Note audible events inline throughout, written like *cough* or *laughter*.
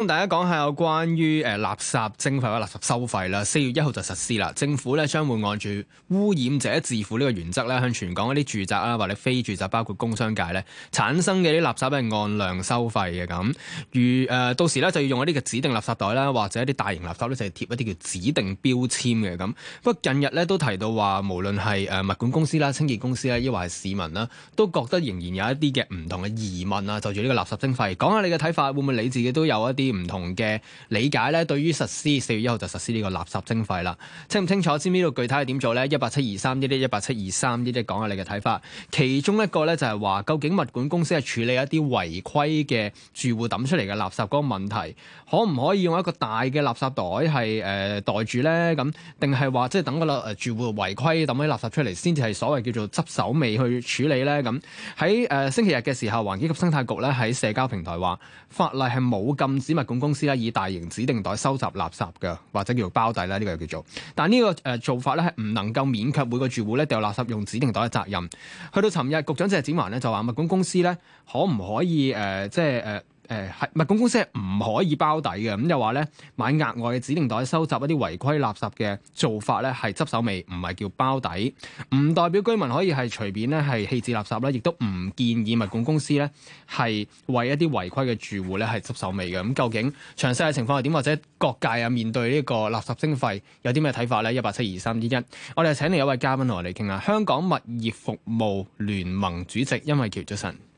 咁大家講下有關於誒垃圾徵費或者垃圾收費啦，四月一號就實施啦。政府咧將會按住污染者自付呢個原則咧，向全港一啲住宅啦，或者非住宅，包括工商界咧，產生嘅啲垃圾咧，係按量收費嘅。咁如誒、呃，到時咧就要用一啲嘅指定垃圾袋啦，或者一啲大型垃圾咧，就貼一啲叫指定標籤嘅。咁不過近日咧都提到話，無論係誒物管公司啦、清潔公司啦，抑或係市民啦，都覺得仍然有一啲嘅唔同嘅疑問啊。就住呢個垃圾徵費，講下你嘅睇法，會唔會你自己都有一啲？唔同嘅理解咧，對於實施四月一號就實施呢個垃圾徵費啦，清唔清楚？知唔知道具體係點做咧？23, 23, 一八七二三一啲一八七二三一啲，講下你嘅睇法。其中一個咧就係、是、話，究竟物管公司係處理一啲違規嘅住戶抌出嚟嘅垃圾嗰個問題，可唔可以用一個大嘅垃圾袋係誒、呃、袋住咧？咁定係話即係等個、呃、住戶違規抌啲垃圾出嚟，先至係所謂叫做執手尾去處理咧？咁喺誒星期日嘅時候，環境及生態局咧喺社交平台話，法例係冇禁止物物管公司咧以大型指定袋收集垃圾嘅，或者叫做包底咧，呢、這個叫做，但呢個誒做法咧，係唔能夠勉強每個住戶咧丟垃圾用指定袋嘅責任。去到尋日，局長謝展寰咧就話，物管公司咧可唔可以誒、呃，即係誒。呃誒係、呃、物管公司係唔可以包底嘅。咁又話咧買額外嘅指定袋收集一啲違規垃圾嘅做法咧係執手尾，唔係叫包底，唔代表居民可以係隨便咧係棄置垃圾呢，亦都唔建議物管公司咧係為一啲違規嘅住戶咧係執手尾嘅。咁、嗯、究竟詳細嘅情況係點？或者各界啊面對呢個垃圾徵費有啲咩睇法咧？一八七二三之一，我哋請嚟一位嘉賓同我哋傾下，香港物業服務聯盟主席主，甄韋喬主席。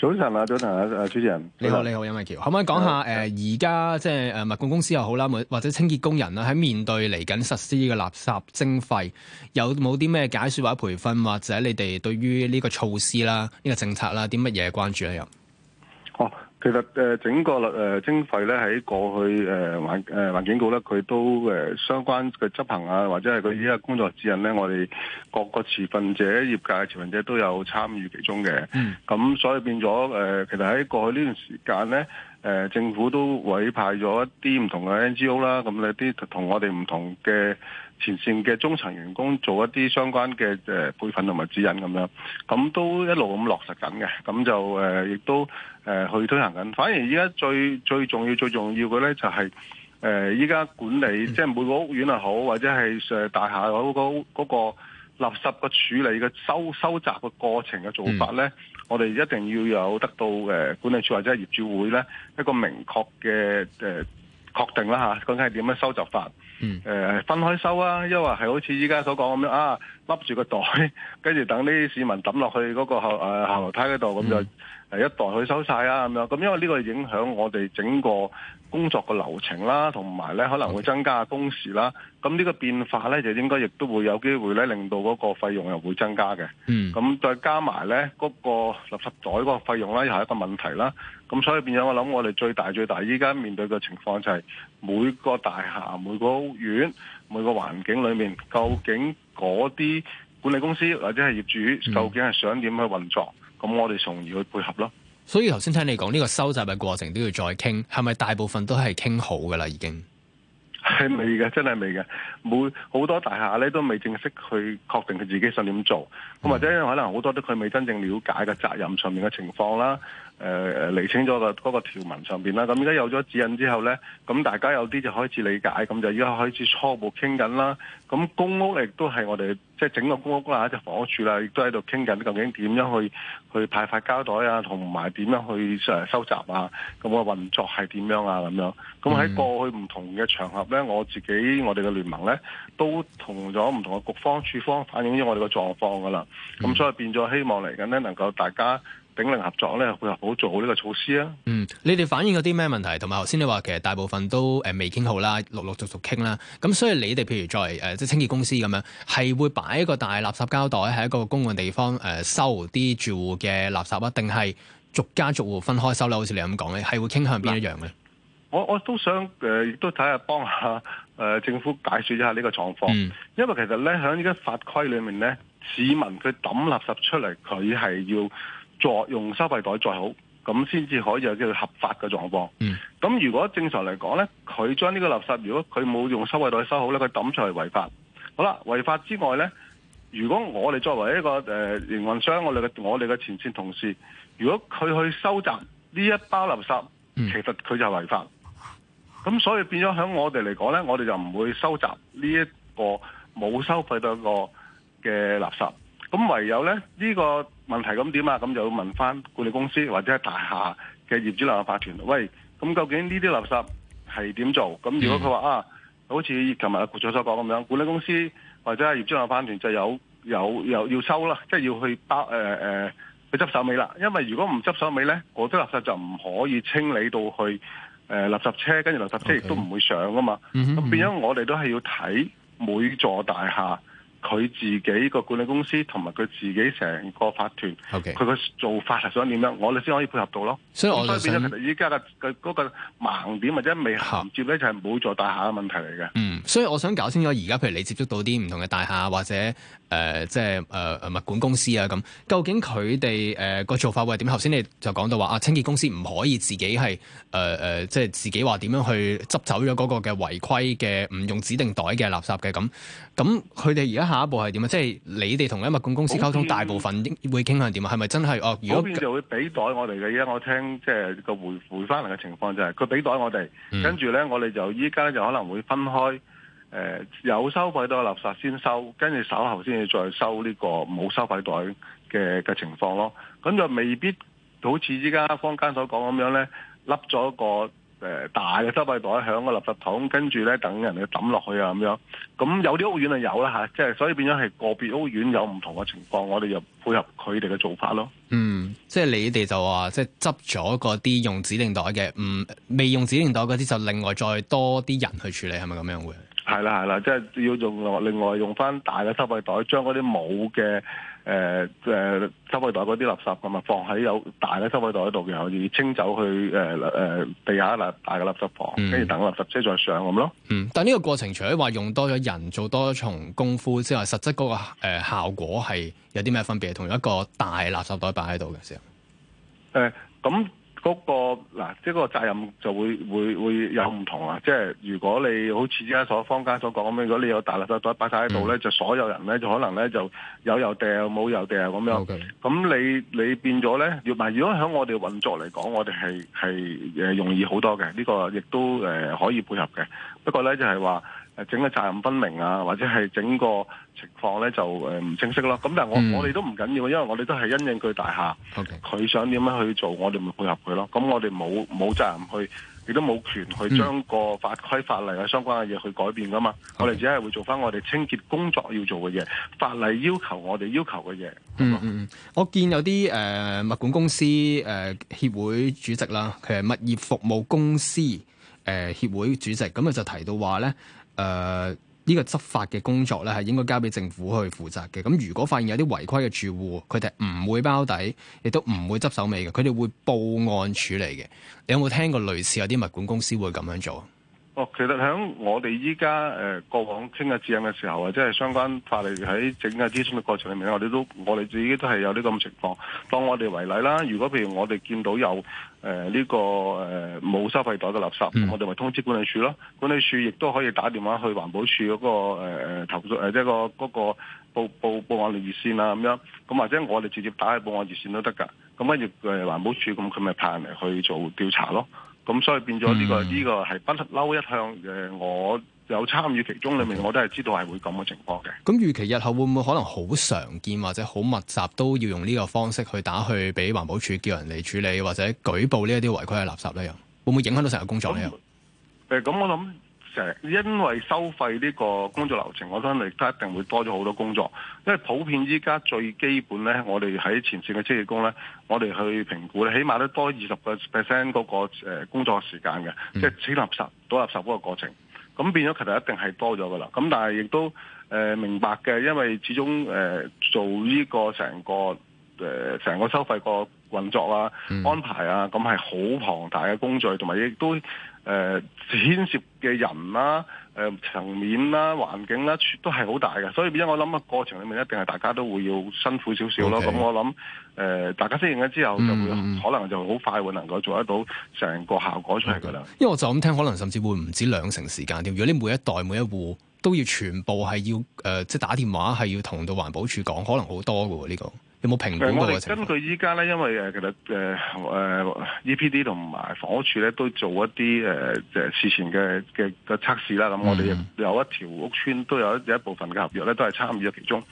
早晨啊，早晨啊，主持人你好，你好，甄韋喬，可唔可以講下誒？而家即係誒，物管公司又好啦，或或者清潔工人啦，喺面對嚟緊實施嘅垃圾徵費，有冇啲咩解說或者培訓，或者你哋對於呢個措施啦，呢、呢個政策啦，啲乜嘢關注咧？又？其實誒，整個誒徵費咧，喺過去誒環誒環境局咧，佢都誒、呃、相關嘅執行啊，或者係佢依家工作指引咧，我哋各個持份者業界嘅持份者都有參與其中嘅。咁、嗯、所以變咗誒、呃，其實喺過去呢段時間咧。誒、呃、政府都委派咗一啲唔同嘅 NGO 啦，咁呢啲同我哋唔同嘅前線嘅中層員工做一啲相關嘅誒、呃、培訓同埋指引咁樣，咁都一路咁落實緊嘅，咁就誒亦、呃、都誒、呃、去推行緊。反而而家最最重要最重要嘅咧就係誒依家管理，嗯、即係每個屋苑又好，或者係大廈嗰嗰、嗰個。垃圾個處理嘅收收集嘅過程嘅做法呢，嗯、我哋一定要有得到誒管理處或者業主會呢一個明確嘅誒確定啦嚇，究竟係點樣收集法？誒、嗯呃、分開收啊，因為係好似依家所講咁樣啊，笠住個袋，跟住等啲市民抌落去嗰個誒後樓梯嗰度咁就。嗯一代去收晒啊咁樣，咁因為呢個影響我哋整個工作嘅流程啦，同埋咧可能會增加工時啦。咁呢 Okay. 個變化咧，就應該亦都會有機會咧，令到嗰個費用又會增加嘅。嗯，咁再加埋咧，嗰個垃圾袋嗰個費用咧又係一個問題啦。咁所以變咗我諗，我哋最大最大依家面對嘅情況就係每個大廈每個屋苑、每個環境裏面，究竟嗰啲管理公司或者係業主，究竟係想點去運作？Mm. 咁我哋從而去配合咯。所以頭先聽你講呢個收集嘅過程都要再傾，係咪大部分都係傾好㗎啦？已經係 *laughs* 未嘅，真係未嘅。每好多大廈咧都未正式去確定佢自己想點做，咁、嗯、或者可能好多都佢未真正了解嘅責任上面嘅情況啦。誒誒釐清咗個嗰個條文上邊啦，咁而家有咗指引之後咧，咁大家有啲就開始理解，咁就而家開始初步傾緊啦。咁公屋亦都係我哋即係整個公屋，一個屋啦，即係房屋署啦，亦都喺度傾緊究竟點樣去去派發膠袋啊，同埋點樣去收集啊，咁、個運作係點樣啊咁樣。咁喺過去唔同嘅場合咧，我自己我哋嘅聯盟咧都同咗唔同嘅局方處方反映咗我哋嘅狀況㗎啦。咁所以變咗希望嚟緊咧能夠大家。鼎力合作咧，會又好做好呢個措施啊！嗯，你哋反映嗰啲咩問題？同埋，頭先你話其實大部分都誒未傾好啦，陸陸續續傾啦。咁所以你哋，譬如作為誒即係清潔公司咁樣，係會擺一個大垃圾膠袋喺一個公共地方誒收啲住戶嘅垃圾啊？定係逐家逐戶分開收咧？好似你咁講咧，係會傾向邊一樣咧？我我都想誒，亦都睇下幫下誒政府解說一下呢個狀況。嗯，因為其實咧喺呢家法規裏面咧，市民佢抌垃圾出嚟，佢係要。再用收費袋再好，咁先至可以有叫合法嘅狀況。咁、mm. 如果正常嚟講呢，佢將呢個垃圾，如果佢冇用收費袋收好，呢佢抌出去違法。好啦，違法之外呢，如果我哋作為一個誒營、呃、運商，我哋嘅我哋嘅前線同事，如果佢去收集呢一包垃圾，mm. 其實佢就係違法。咁所以變咗喺我哋嚟講呢，我哋就唔會收集呢一個冇收費袋一個嘅垃圾。咁唯有咧呢、呢個問題咁點啊？咁就要問翻管理公司或者係大廈嘅業主立法團喂，咁究竟呢啲垃圾係點做？咁如果佢話啊，好似琴日啊局長所講咁樣，管理公司或者係業主立法團就有有有要收啦，即係要去包、呃呃、去執手尾啦。因為如果唔執手尾咧，嗰啲垃圾就唔可以清理到去誒、呃、垃圾車，跟住垃圾車亦都唔會上㗎嘛。咁、okay. mm hmm. 變咗我哋都係要睇每座大廈。佢自己個管理公司同埋佢自己成個法團，佢個 Okay. 做法係想點樣，我哋先可以配合到咯。所以我，我諗而家個盲點或者未銜接咧，就係冇座大廈嘅問題嚟嘅。嗯，所以我想搞清楚，而家譬如你接觸到啲唔同嘅大廈或者、呃、即係誒、呃、物管公司啊咁，究竟佢哋誒個做法會係點？頭先你就講到話啊，清潔公司唔可以自己係誒、呃、即係自己話點樣去執走咗嗰個嘅違規嘅唔用指定袋嘅垃圾嘅咁，咁佢哋而家。下一步係點啊？即係你哋同一物管公司溝通，大部分會傾向點啊？係咪 Okay. 真係哦、呃？如果好就會俾袋我哋嘅。而家我聽即係個回回翻嚟嘅情況就係佢俾袋我哋，跟住咧我哋就依家就可能會分開，誒、呃、有收費袋垃圾先收，跟住稍後先至再收呢個冇收費袋嘅嘅情況咯。咁就未必好似依家坊間所講咁樣咧，笠咗個。誒大嘅收費袋喺個垃圾桶，跟住咧等人哋抌落去啊咁樣。咁有啲屋苑就有啦吓，即、啊、係所以變咗係個別屋苑有唔同嘅情況，我哋就配合佢哋嘅做法咯。嗯，即係你哋就話即係執咗嗰啲用指定袋嘅，唔、嗯、未用指定袋嗰啲就另外再多啲人去處理，係咪咁樣會？係啦係啦，即係要用另外用翻大嘅收費袋，將嗰啲冇嘅。誒誒、呃，收費袋嗰啲垃圾咁啊，放喺有大嘅收費袋嗰度，然後以清走去誒誒、呃、地下嗱大嘅垃圾房，跟住等垃圾車再上咁咯。嗯，樣嗯，但係呢個過程，除咗話用多咗人做多重功夫之外，實質嗰、那個、呃、效果係有啲咩分別？同一個大垃圾袋擺喺度嘅時候，誒咁、呃。嗯嗰、那個嗱，即係嗰個責任就會會會有唔同啊！嗯、即係如果你好似而家所坊間所講咁樣，如果你有大垃圾袋擺晒喺度咧，嗯、就所有人咧就可能咧就有又掟，冇又掟咁樣。咁、嗯、你你變咗咧？唔係如果喺我哋運作嚟講，我哋係係誒容易好多嘅。呢、這個亦都誒可以配合嘅。不過咧就係話。整個責任分明啊，或者係整個情況咧，就誒唔清晰咯。咁但我係我我哋都唔緊要，因為我哋都係因應佢大廈佢 Okay. 想點樣去做，我哋咪配合佢咯。咁我哋冇冇責任去，亦都冇權去將個法規法例啊相關嘅嘢去改變噶嘛。Okay. 我哋只係會做翻我哋清潔工作要做嘅嘢，法例要求我哋要求嘅嘢。嗯嗯嗯，我見有啲誒、呃、物管公司誒、呃、協會主席啦，其實物業服務公司誒、呃、協會主席，咁啊就提到話咧。誒、呢、呃這個執法嘅工作呢，係應該交俾政府去負責嘅。咁如果發現有啲違規嘅住戶，佢哋唔會包底，亦都唔會執手尾嘅，佢哋會報案處理嘅。你有冇聽過類似有啲物管公司會咁樣做？哦，其實喺我哋依家誒過往傾下指引嘅時候，或者係相關法例喺整個諮詢嘅過程裏面，我哋都我哋自己都係有呢個情況。當我哋為例啦，如果譬如我哋見到有誒呢、呃這個誒冇、呃、收費袋嘅垃圾，我哋咪通知管理處咯。管理處亦都可以打電話去環保處嗰、那個誒、呃、投訴誒、呃、即係、那個嗰個報報報案熱線啊咁樣。咁或者我哋直接打去報案熱線都得㗎。咁跟住環保署咁佢咪派人嚟去做調查咯。咁所以變咗呢、呢個呢、嗯、個係不嬲一向嘅，我有參與其中裡面，我都係知道係會咁嘅情況嘅。咁預期日後會唔會可能好常見或者好密集，都要用呢個方式去打去俾環保署叫人嚟處理或者舉報呢一啲違規嘅垃圾咧？又會唔會影響到成個工作咧？誒，咁、呃、我諗。成因為收費呢個工作流程，我睇翻嚟都一定會多咗好多工作，因為普遍依家最基本咧，我哋喺前線嘅清潔工咧，我哋去評估咧，起碼都多二十個 percent 嗰個誒工作時間嘅，即係清垃圾、倒垃圾嗰個過程，咁變咗其實一定係多咗噶啦。咁但係亦都誒明白嘅，因為始終誒、呃、做呢個成個誒成、呃、個收費個運作啊、嗯、安排啊，咁係好龐大嘅工序，同埋亦都。誒、呃，牽涉嘅人啦、啊、誒、呃、層面啦、啊、環境啦、啊，都係好大嘅。所以，因為我諗個過程裡面一定係大家都會要辛苦少少咯。咁 Okay. 我諗，誒、呃、大家適應咗之後就會，就、嗯、可能就好快會能夠做得到成個效果出嚟噶啦。Okay. 因為我就咁聽，可能甚至會唔止兩成時間添。如果你每一代每一戶都要全部係要誒、呃，即係打電話係要同到環保署講，可能好多嘅呢、這個。有冇評估嘅過程？我哋根據依家咧，因為誒其實 E P D 同埋房屋署咧都做一啲誒誒事前嘅嘅嘅測試啦。咁我哋有一條屋村都有一一部分嘅合約咧都係參與咗其中。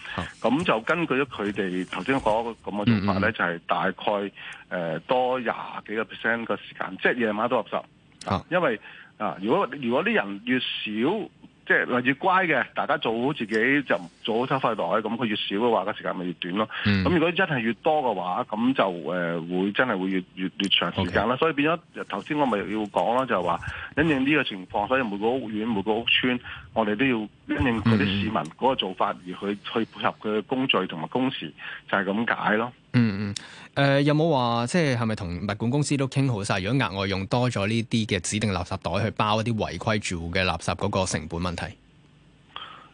咁、嗯、就根據咗佢哋頭先講咁嘅做法咧，嗯嗯就係大概誒、呃、多廿幾個 percent 嘅時間，即係夜晚都合十，嗯、因為啊、呃，如果如果啲人越少。即係越乖嘅，大家做好自己就做好收費袋咁。佢越少嘅話，個時間咪越短咯。咁、嗯、如果真係越多嘅話，咁就誒會真係會越越越長時間啦。Okay. 所以變咗頭先我咪要講囉，就係、是、話因應呢個情況，所以每個屋苑、每個屋村，我哋都要因應佢啲市民嗰個做法，嗯、而佢去，去配合佢嘅工序同埋工時，就係咁解咯。嗯嗯，誒、嗯呃、有冇話即係係咪同物管公司都傾好晒？如果額外用多咗呢啲嘅指定垃圾袋去包一啲違規住戶嘅垃圾，嗰個成本問題？誒、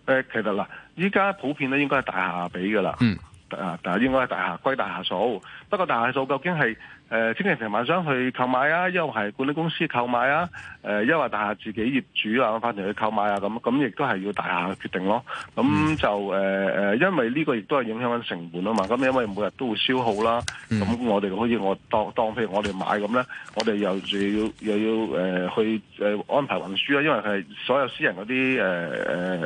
呃、其實嗱，依家普遍咧應該係大廈俾㗎啦，嗯，啊，但係應該係大廈歸大廈數，不過大廈數究竟係？誒，千祈平時想去購買啊！一或係管理公司購買啊，誒、呃，一或大廈自己業主啊，反嚟去購買啊，咁咁亦都係要大廈嘅決定咯。咁就誒誒、呃，因為呢個亦都係影響緊成本啊嘛。咁因為每日都會消耗啦，咁、嗯、我哋好似我當當譬如我哋買咁咧，我哋又要又要誒、呃、去誒、呃、安排運輸啊。因為係所有私人嗰啲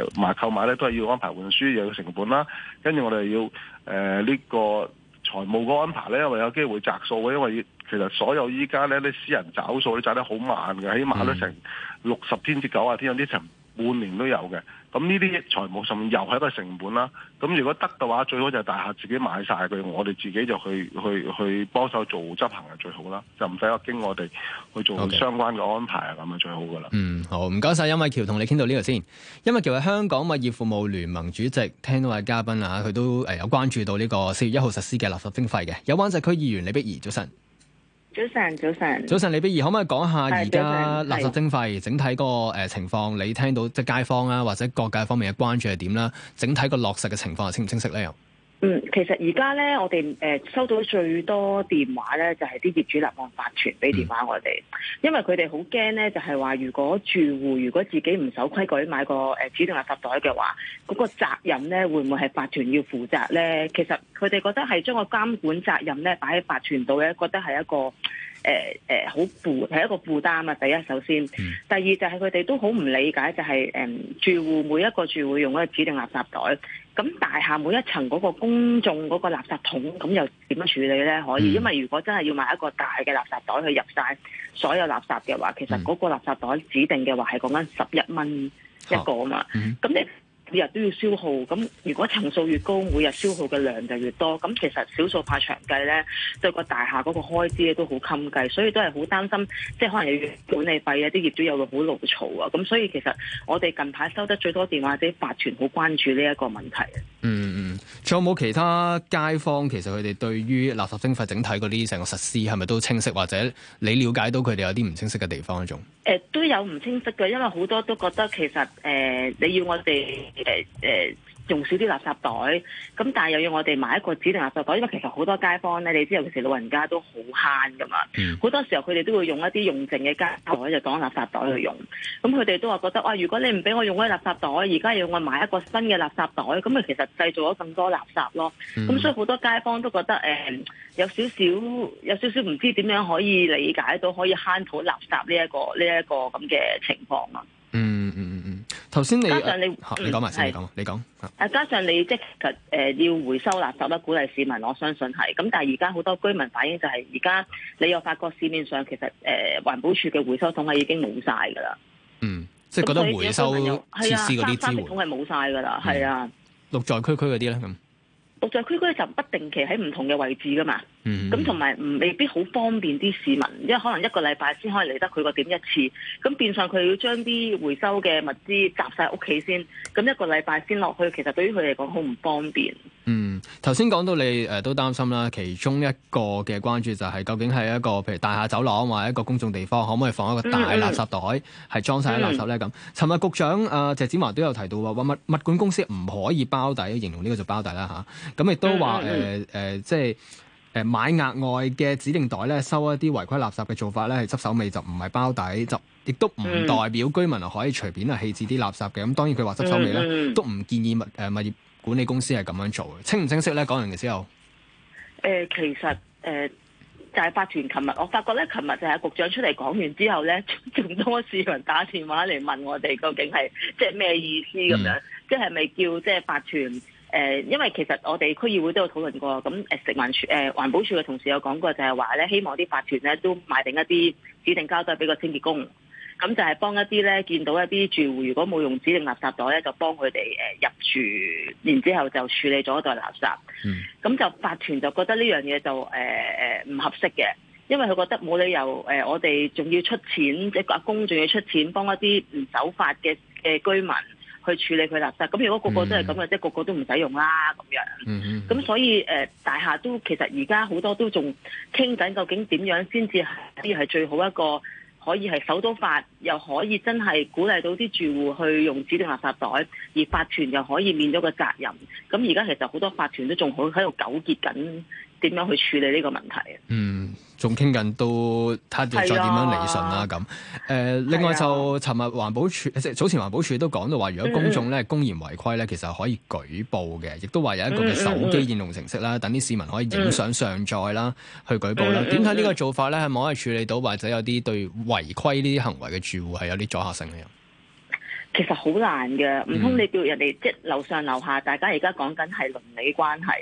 誒誒買購買咧都係要安排運輸，又要成本啦。跟住我哋要誒呢、呃這個。財務個安排呢，因為有機會摘數嘅，因為其實所有依家呢啲私人找數，你找得好慢嘅，起碼都成六十天至九啊天有啲成，嗯半年都有嘅，咁呢啲財務上面又係一個成本啦。咁如果得嘅話，最好就係大廈自己買晒佢，我哋自己就去去去幫手做執行啊，最好啦，就唔使話經我哋去做相關嘅安排啊，咁啊 Okay. 最好噶啦。嗯，好，唔該晒，甄韋喬同你傾到呢度先。甄韋喬係香港物業服務聯盟主席，聽到位嘉賓啊，佢都誒有關注到呢個四月一號實施嘅垃圾徵費嘅。有灣仔區議員李碧儀，早晨。早晨，早晨。早晨，李碧儀，可唔可以講下而家垃圾徵費晨整體個誒情況？的你聽到即係街坊啊或者各界方面嘅關注係點啦？整體個落實嘅情況係清唔清晰咧？又？嗯，其實而家咧，我哋誒、呃、收到最多電話咧，就係、是、啲業主立案法團俾電話我哋，嗯、因為佢哋好驚咧，就係、是、話如果住戶如果自己唔守規矩買個誒指定垃圾袋嘅話，嗰、那個責任咧會唔會係法團要負責咧？其實佢哋覺得係將個監管責任咧擺喺法團度咧，覺得係一個誒誒好負係一個負擔啊！第一，首先，第二就係佢哋都好唔理解、就是，就係誒住戶每一個住戶用嗰個指定垃圾袋。咁大廈每一層嗰個公眾嗰個垃圾桶，咁又點樣處理呢？可以，因為如果真係要買一個大嘅垃圾袋去入晒所有垃圾嘅話，其實嗰個垃圾袋指定嘅話係講緊十一蚊一個嘛，咁，嗯，你每日都要消耗，咁如果層數越高，每日消耗嘅量就越多，咁其實小數怕長計咧，就個大廈嗰個開支咧都好襟計，所以都係好擔心，即係可能又要管理費啊，啲業主有會好勞嘈啊，咁所以其實我哋近排收得最多電話，者法團好關注呢一個問題。嗯嗯，仲有冇其他街坊其實佢哋對於垃圾徵費整體嗰啲成個實施係咪都清晰，或者你了解到佢哋有啲唔清晰嘅地方一種？欸有唔清晰嘅，因為好多都覺得其實，誒，你要我哋，誒，誒。用少啲垃圾袋，咁但又要我哋買一個指定垃圾袋，因為其實好多街坊咧，你知有時老人家都好慳噶嘛，好、mm. 多時候佢哋都會用一啲用剩嘅街袋，袋就當垃圾袋去用，咁佢哋都話覺得哇、哎，如果你唔俾我用嗰啲垃圾袋，而家要我買一個新嘅垃圾袋，咁啊其實製造咗咁多垃圾咯，咁、mm. 所以好多街坊都覺得、嗯、有少少有少少唔知點樣可以理解到可以慳到垃圾呢、呢、一個呢一、呢個咁嘅情況啊。頭先你你，你講埋、啊嗯、先，的你講說，你講。啊，加上你即係誒、呃、要回收垃圾啦，得鼓勵市民，我相信係。咁但係而家好多居民反映就係，而家你又發覺市面上其實誒、呃、環保署嘅回收桶係已經冇晒㗎啦。嗯，即係覺得回收設施嗰啲資源係冇晒㗎啦，係啊。六、嗯、在區區嗰啲咧咁。落載區區就不定期喺唔同嘅位置㗎嘛，咁同埋唔未必好方便啲市民，因為可能一個禮拜先可以嚟得佢個點一次，咁變相佢要將啲回收嘅物資集晒屋企先，咁一個禮拜先落去，其實對於佢嚟講好唔方便。嗯，頭先講到你誒、呃、都擔心啦，其中一個嘅關注就係、是、究竟係一個譬如大廈走廊或者一個公眾地方，可唔可以放一個大垃圾袋係、嗯、裝晒啲垃圾呢？咁、嗯，尋日局長誒、呃、謝展寰都有提到話，物物管公司唔可以包底，形容呢個就包底啦嚇。啊咁亦都話即係誒買額外嘅指定袋咧，收一啲違規垃圾嘅做法咧，係執手尾就唔係包底，就亦都唔代表居民可以隨便係棄置啲垃圾嘅。咁當然佢話執手尾咧，都唔建議物誒物業管理公司係咁樣做嘅。清唔清晰咧？講完嘅時候，其實誒就係法團。琴日我發覺咧，琴日就係局長出嚟講完之後咧，仲多市民打電話嚟問我哋究竟係即係咩意思咁樣，即係咪叫即係法團？誒，因為其實我哋區議會都有討論過，咁誒食環署誒環保署嘅同事有講過就是說，就係話咧希望啲法團咧都買定一啲指定膠袋俾個清潔工，咁就係幫一啲咧見到一啲住戶如果冇用指定垃圾袋咧，就幫佢哋誒入住，然之後就處理咗袋垃圾。咁、嗯、就法團就覺得呢樣嘢就誒誒唔合適嘅，因為佢覺得冇理由誒、呃、我哋仲要出錢，即係阿公仲要出錢幫一啲唔守法嘅嘅居民。去處理佢垃圾，咁如果個個都係咁嘅，即係個個都唔使用啦，咁樣。咁所以誒、呃，大廈都其實而家好多都仲傾緊，究竟點樣先至係先係最好一個可以係守到法，又可以真係鼓勵到啲住戶去用指定垃圾袋，而法團又可以免咗個責任。咁而家其實好多法團都仲好喺度糾結緊。點樣去處理呢個問題？嗯，仲傾緊都睇下再點樣理順啦咁。誒、啊，呃啊、另外就尋日環保署即係早前環保署都講到話，如果公眾咧公然違規咧，其實可以舉報嘅，亦都話有一個嘅手機應用程式啦，等啲、嗯嗯、市民可以影相上載啦，嗯、去舉報啦。點睇呢個做法咧，係咪可以處理到，或者有啲對違規呢啲行為嘅住戶係有啲阻嚇性嘅？其實好難嘅，唔通你叫人哋即樓上樓下，大家而家講緊係鄰里關係，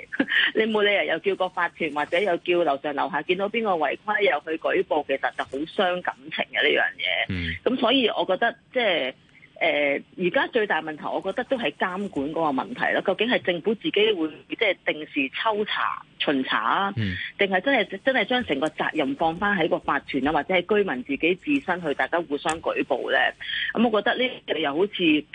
你冇理由又叫個法團或者又叫樓上樓下見到邊個違規又去舉報，其實就好傷感情嘅呢樣嘢。咁、嗯、所以我覺得即。誒，而家最大問題，我覺得都係監管嗰個問題啦。究竟係政府自己會即係定時抽查巡查啊，定係真係真係將成個責任放翻喺個法團啊，或者係居民自己自身去，大家互相舉報咧？咁我覺得呢樣又好似。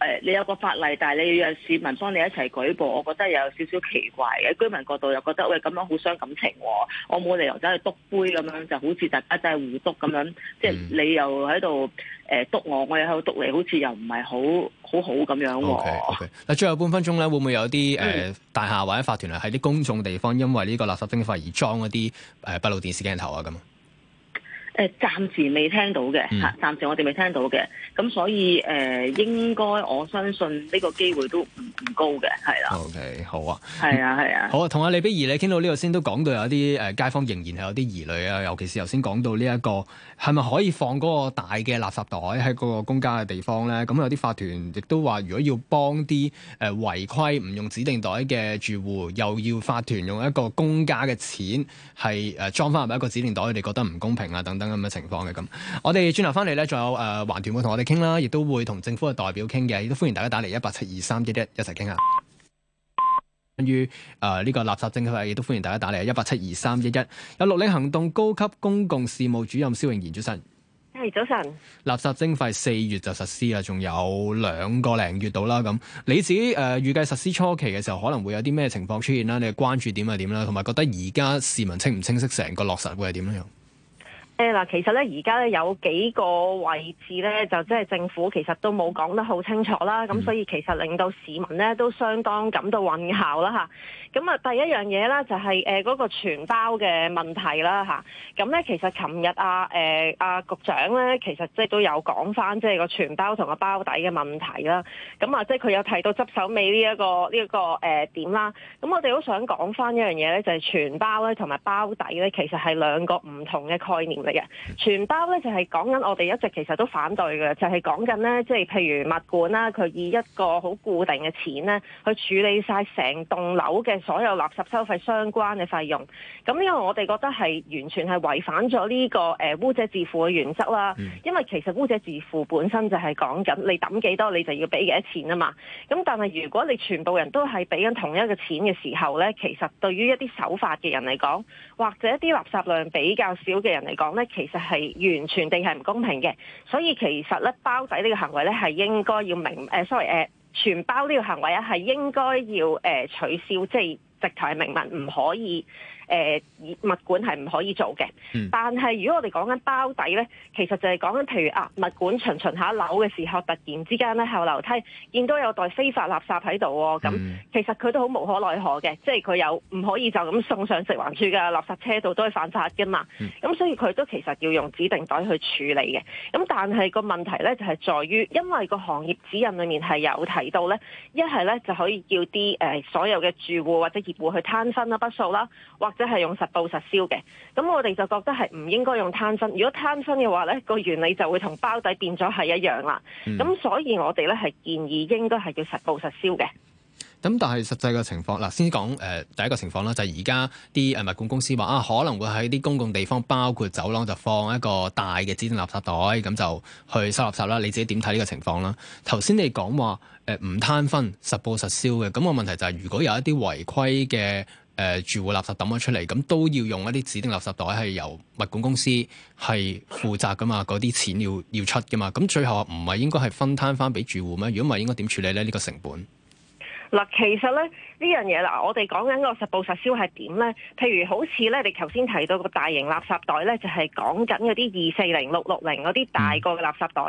誒，你有個法例，但係你要市民幫你一齊舉報，我覺得有少少奇怪嘅。居民角度又覺得喂，咁樣好傷感情喎，我冇理由走去篤杯咁樣，就好似大家真係互篤咁樣，即係你又喺度誒篤我，我又喺度篤你，好似又唔係好好好咁樣。O K，O K，嗱，最後半分鐘咧，會唔會有啲誒大廈或者法團啊，喺啲公眾地方因為呢個垃圾徵費而裝一啲誒閉路電視鏡頭啊咁？暫暫時未聽到嘅、暫、嗯、暫時我哋未聽到嘅，咁所以誒、呃、應該我相信呢個機會都唔高嘅，係啦。O、okay, K，好啊，係啊、嗯，係啊。好啊，同阿李碧儀你傾到呢度，先，都講到有啲、呃、街坊仍然係有啲疑慮啊，尤其是頭先講到呢、這、一個係咪可以放嗰個大嘅垃圾袋喺嗰個公家嘅地方咧？咁有啲法團亦都話，如果要幫啲誒、呃、違規唔用指定袋嘅住戶，又要法團用一個公家嘅錢係誒、呃、裝翻入一個指定袋，你覺得唔公平啊？等等。咁嘅情況嘅咁，我哋轉頭翻嚟咧，仲有誒，環、呃、團會同我哋傾啦，亦都會同政府嘅代表傾嘅，亦都歡迎大家打嚟一八七二三一一一齊傾下。關、嗯、於誒呢、呃這個垃圾徵費，亦都歡迎大家打嚟一八七二三一一。1 1, 有綠領行動高級公共事務主任蕭頴妍主生，係早晨。早晨垃圾徵費四月就實施啦，仲有兩個零月到啦。咁你指誒、呃、預計實施初期嘅時候，可能會有啲咩情況出現啦？你嘅關注點係點啦？同埋覺得而家市民清唔清晰成個落實會係點樣？誒嗱，其實咧，而家咧有幾個位置咧，就即係政府其實都冇講得好清楚啦，咁所以其實令到市民咧都相當感到混淆啦嚇咁啊，第一樣嘢啦，就係誒嗰個全包嘅問題啦吓，咁咧、啊啊，其實琴日啊誒，啊局長咧，其實即係都有講翻即係個全包同個包底嘅問題啦。咁啊，即係佢有提到執手尾呢、這個這個呃、一個呢一個誒點啦。咁我哋都想講翻一樣嘢咧，就係全包咧同埋包底咧，其實係兩個唔同嘅概念嚟嘅。全包咧就係講緊我哋一直其實都反對嘅，就係講緊咧即係譬如物管啦，佢以一個好固定嘅錢咧去處理晒成棟樓嘅。所有垃圾收費相關嘅費用，咁呢個我哋覺得係完全係違反咗呢、這個誒污者自負嘅原則啦。嗯、因為其實污者自負本身就係講緊你抌幾多你就要俾幾多錢啊嘛。咁但係如果你全部人都係俾緊同一個錢嘅時候咧，其實對於一啲守法嘅人嚟講，或者一啲垃圾量比較少嘅人嚟講咧，其實係完全地係唔公平嘅。所以其實咧包底呢個行為咧係應該要明誒、呃、sorry 誒、呃。全包呢個行為啊，係應該要誒取消，即係直頭係明文唔可以。誒、呃、物管係唔可以做嘅，嗯、但係如果我哋講緊包底呢，其實就係講緊譬如啊，物管巡巡下樓嘅時候，突然之間呢，後樓梯見到有袋非法垃圾喺度、嗯，咁、嗯、其實佢都好無可奈何嘅，即係佢有唔可以就咁送上食環處嘅垃圾車度都係犯法嘅嘛。咁、嗯嗯、所以佢都其實要用指定袋去處理嘅。咁但係個問題呢，就係、是、在於，因為個行業指引裏面係有提到呢，一係呢就可以叫啲誒、呃、所有嘅住戶或者業戶去攤分啦、筆數啦，或即係用實報實銷嘅，咁我哋就覺得係唔應該用攤分。如果攤分嘅話呢個原理就會同包底變咗係一樣啦。咁、嗯、所以我哋呢係建議應該係要實報實銷嘅。咁、嗯、但係實際嘅情況嗱，先講誒、呃、第一個情況啦，就係而家啲物管公司話啊，可能會喺啲公共地方，包括走廊，就放一個大嘅指定垃圾袋，咁就去收垃圾啦。你自己點睇呢個情況啦？頭先你講話誒唔攤分，實報實銷嘅。咁、個問題就係、是，如果有一啲違規嘅。誒、呃、住戶垃圾抌咗出嚟，咁都要用一啲指定垃圾袋，係由物管公司係負責噶嘛？嗰啲錢要要出噶嘛？咁最後唔係應該係分攤翻俾住戶咩？如果唔係，應該點處理咧？呢、呢個成本？嗱，其實咧呢樣嘢嗱，我哋講緊個實報實銷係點呢？譬如好似咧，你頭先提到個大型垃圾袋呢，就係講緊嗰啲二四零六六零嗰啲大個嘅垃圾袋。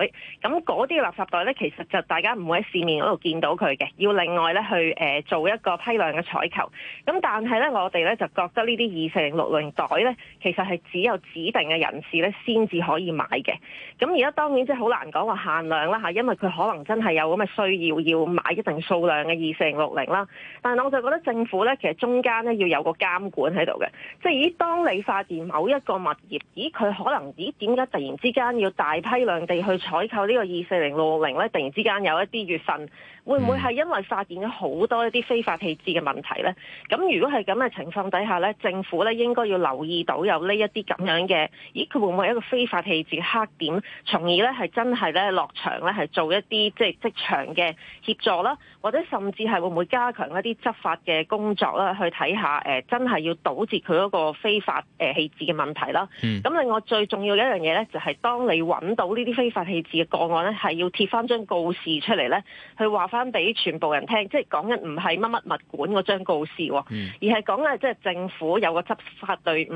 咁嗰啲垃圾袋呢，其實就大家唔會喺市面嗰度見到佢嘅，要另外呢去、呃、做一個批量嘅採購。咁但係呢，我哋呢就覺得呢啲二四零六六零袋呢，其實係只有指定嘅人士呢先至可以買嘅。咁而家當然即係好難講話限量啦嚇，因為佢可能真係有咁嘅需要要買一定數量嘅二四零六零啦，但係我就覺得政府咧，其實中間咧要有個監管喺度嘅，即係咦，當你發現某一個物業，咦，佢可能咦，點解突然之間要大批量地去採購呢個二四零六六零咧？突然之間有一啲月份。會唔會係因為發現咗好多一啲非法棄置嘅問題呢？咁如果係咁嘅情況底下咧，政府咧應該要留意到有呢一啲咁樣嘅，咦？佢會唔會一個非法棄置嘅黑點，從而呢，係真係咧落場咧係做一啲即係職場嘅協助啦，或者甚至係會唔會加強一啲執法嘅工作啦，去睇下誒真係要堵截佢嗰個非法誒棄置嘅問題啦。嗯。咁另外最重要嘅一樣嘢呢，就係當你揾到呢啲非法棄置嘅個案呢，係要貼翻張告示出嚟呢，去話翻翻俾全部人聽，即係講緊唔係乜乜物管嗰張告示，嗯、而係講緊即係政府有個執法隊伍，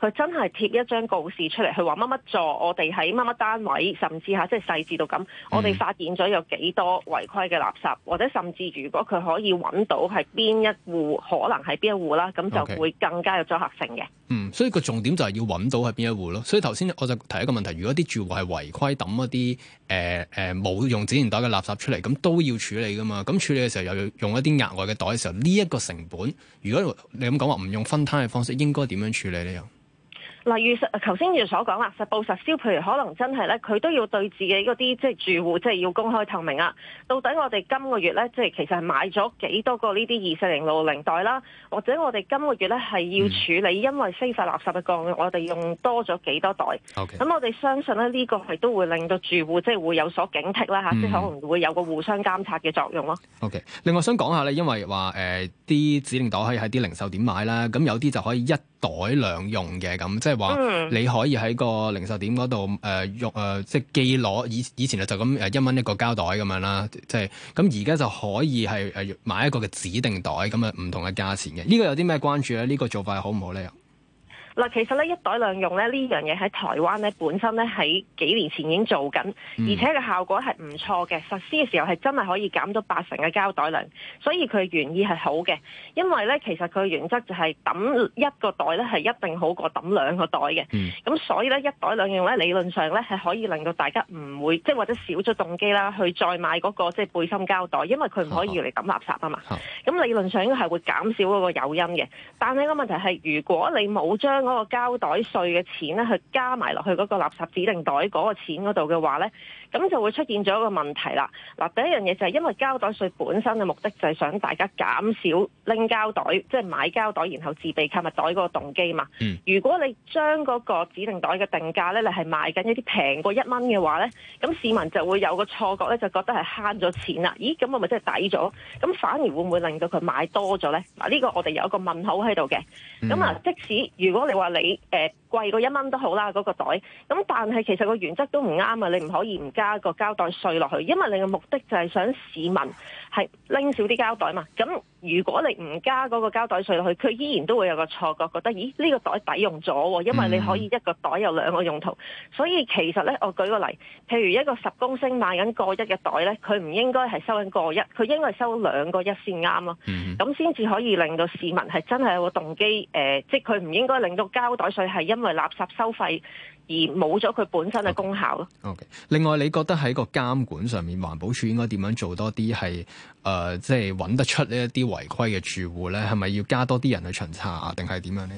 佢真係貼一張告示出嚟，佢話乜乜座，我哋喺乜乜單位，甚至嚇即係細緻到咁，我哋發現咗有幾多違規嘅垃圾，或者甚至如果佢可以揾到係邊一戶，可能係邊一戶啦，咁就會更加有阻嚇性嘅。嗯，所以個重點就係要揾到係邊一戶咯。所以頭先我就提一個問題，如果啲住戶係違規抌一啲誒誒冇用指定袋嘅垃圾出嚟，咁都要處。處理噶嘛，咁處理嘅時候又要用一啲額外嘅袋嘅時候，呢、這、一個成本，如果你咁講話唔用分攤嘅方式，應該點樣處理呢？又？例如頭先所講啦，實報實銷，譬如可能真係咧，佢都要對自己嗰啲即係住戶即係要公開透明啊。到底我哋今個月咧，即係其實買咗幾多個呢啲二四零六零袋啦？或者我哋今個月咧係要處理，因為非法垃圾嘅降，嗯、我哋用多咗幾多袋？咁 Okay. 我哋相信咧，呢個係都會令到住戶即係會有所警惕啦嚇，即係可能會有個互相監察嘅作用咯。OK，另外想講下咧，因為話誒啲指定袋可以喺啲零售點買啦，咁有啲就可以一。袋兩用嘅咁，即係話你可以喺個零售點嗰度誒用即係寄攞以以前就就咁一蚊一個膠袋咁樣啦，即係咁而家就可以係誒買一個嘅指定袋咁啊，唔同嘅價錢嘅呢個有啲咩關注咧？呢個做法好唔好咧？嗱，其實咧一袋兩用咧呢樣嘢喺台灣咧本身咧喺幾年前已經做緊，而且個效果係唔錯嘅。實施嘅時候係真係可以減到八成嘅膠袋量，所以佢原意係好嘅。因為咧其實佢嘅原則就係、是、揼一個袋咧係一定好過揼兩個袋嘅。咁、嗯、所以咧一袋兩用咧理論上咧係可以令到大家唔會即係或者少咗動機啦，去再買嗰、那個即係背心膠袋，因為佢唔可以嚟揼垃圾啊嘛。咁、啊、理論上應該係會減少嗰個誘因嘅。但係個問題係如果你冇將嗰個膠袋稅嘅錢咧，去加埋落去嗰個垃圾指定袋嗰個錢嗰度嘅話咧，咁就會出現咗一個問題啦。嗱，第一樣嘢就係因為膠袋稅本身嘅目的就係想大家減少拎膠袋，即係買膠袋然後自備購物袋嗰個動機嘛。嗯。如果你將嗰個指定袋嘅定價咧，你係賣緊一啲平過一蚊嘅話咧，咁市民就會有個錯覺咧，就覺得係慳咗錢啦。咦？咁我咪即係抵咗？咁反而會唔會令到佢買多咗咧？嗱，呢個我哋有一個問號喺度嘅。啊、嗯。咁啊，即使如果你話你誒。貴過一蚊都好啦，嗰、那個袋。咁但係其實個原則都唔啱啊！你唔可以唔加個膠袋稅落去，因為你嘅目的就係想市民係拎少啲膠袋嘛。咁如果你唔加嗰個膠袋稅落去，佢依然都會有個錯覺，覺得咦呢、這個袋抵用咗，因為你可以一個袋有兩個用途。嗯、所以其實呢，我舉個例，譬如一個十公升賣緊過一嘅袋呢，佢唔應該係收緊過一，佢應該係收兩個一先啱咯。咁先至可以令到市民係真係有個動機。呃、即係佢唔應該令到膠袋稅係一。因為垃圾收費而冇咗佢本身嘅功效咯。Okay. OK，另外你覺得喺個監管上面，環保署應該點樣做多啲？係、呃、誒，即係揾得出呢一啲違規嘅住戶咧，係咪要加多啲人去巡查，定係點樣咧？